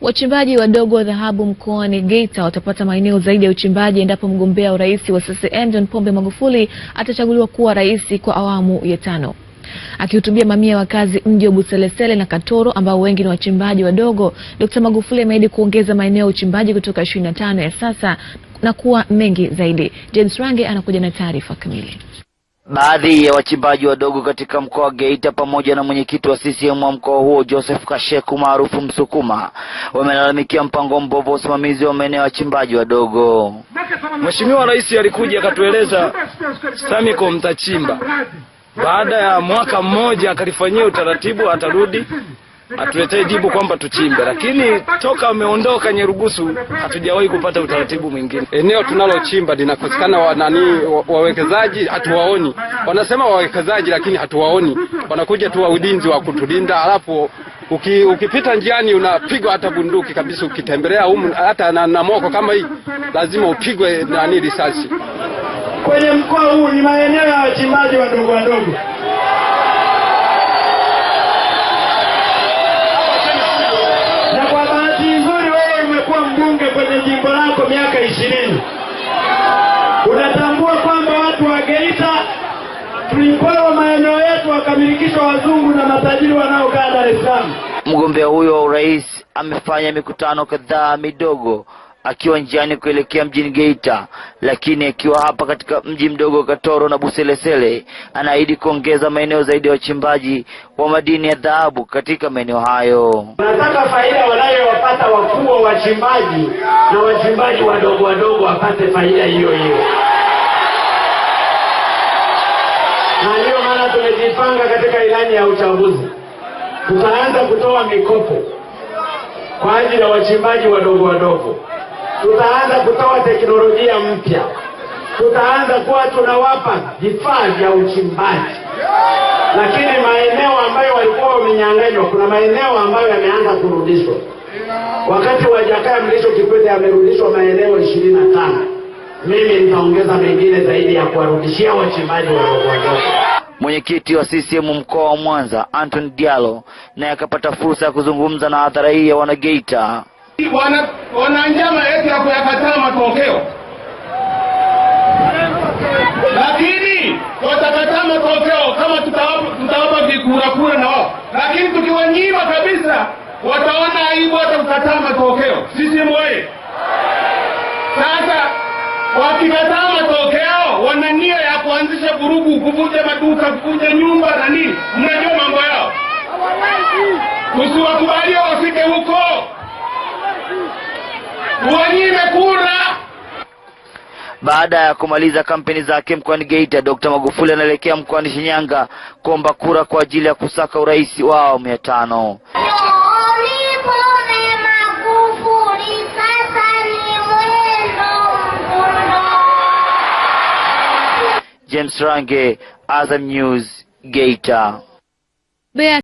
Wachimbaji wadogo wa dhahabu mkoani Geita watapata maeneo zaidi ya uchimbaji endapo mgombea urais wa CCM John Pombe Magufuli atachaguliwa kuwa rais kwa awamu ya tano. Akihutubia mamia ya wakazi mji wa Buselesele na Katoro ambao wengi ni wachimbaji wadogo, Dkt. Magufuli ameahidi kuongeza maeneo ya uchimbaji kutoka 25 ya sasa na kuwa mengi zaidi. James Range anakuja na taarifa kamili. Baadhi ya wachimbaji wadogo katika mkoa wa Geita pamoja na mwenyekiti wa CCM wa mkoa huo Joseph Kasheku maarufu Msukuma wamelalamikia mpango mbovu wa usimamizi wa maeneo ya wachimbaji wadogo. Mheshimiwa Rais alikuja akatueleza Samico mtachimba, baada ya mwaka mmoja akalifanyia utaratibu, atarudi atuletee jibu kwamba tuchimbe, lakini toka ameondoka Nyerugusu hatujawahi kupata utaratibu mwingine. Eneo tunalochimba linakosekana wa nani, wawekezaji hatuwaoni. Wanasema wawekezaji, lakini hatuwaoni. Wanakuja tu waudinzi wa kutulinda, halafu uki, ukipita njiani unapigwa hata bunduki kabisa. Ukitembelea humu hata na, na moko kama hii lazima upigwe nani risasi. Kwenye mkoa huu ni maeneo ya wachimbaji wadogo wadogo. jimbo lako miaka ishirini. Unatambua kwamba watu wa Geita tulipewa maeneo yetu wakamilikishwa wazungu na matajiri wanaokaa Dar es Salaam. Mgombea huyo wa urais amefanya mikutano kadhaa midogo akiwa njiani kuelekea mjini Geita, lakini akiwa hapa katika mji mdogo wa Katoro na Buselesele, anaahidi kuongeza maeneo zaidi ya wachimbaji wa madini ya dhahabu katika maeneo hayo. Nataka faida wanayowapata wakubwa wachimbaji na wachimbaji wadogo wadogo wapate faida hiyo hiyo, na ndiyo maana tumejipanga katika ilani ya uchaguzi, tutaanza kutoa mikopo kwa ajili ya wachimbaji wadogo wadogo tutaanza kutoa teknolojia mpya, tutaanza kuwa tunawapa vifaa vya uchimbaji. Lakini maeneo ambayo walikuwa wamenyang'anywa, kuna maeneo ambayo yameanza kurudishwa. Wakati wa Jakaya Mrisho Kikwete amerudishwa maeneo ishirini na tano. Mimi nitaongeza mengine zaidi ya kuwarudishia wachimbaji wadogo. Mwenyekiti wa CCM mkoa wa Mwanza Anton Diallo naye akapata fursa ya kuzungumza na hadhara hii ya Wanageita wana, wana njama yetu ya kuyakataa matokeo, lakini watakataa matokeo kama tutawapa vikurakura na wao, lakini tukiwanyima kabisa wataona aibu hata kukataa matokeo. Sisi moye sasa, wakikataa matokeo wana nia ya kuanzisha vurugu, kuvunja maduka, kuvunja nyumba na nini. Mnajua mambo yao, usiwakubalia wafike huko kura. Baada ya kumaliza kampeni zake mkoani Geita, Dkt. Magufuli anaelekea mkoani Shinyanga kuomba kura kwa ajili ya kusaka urais wa awamu ya tano. James Range, Azam News, Geita.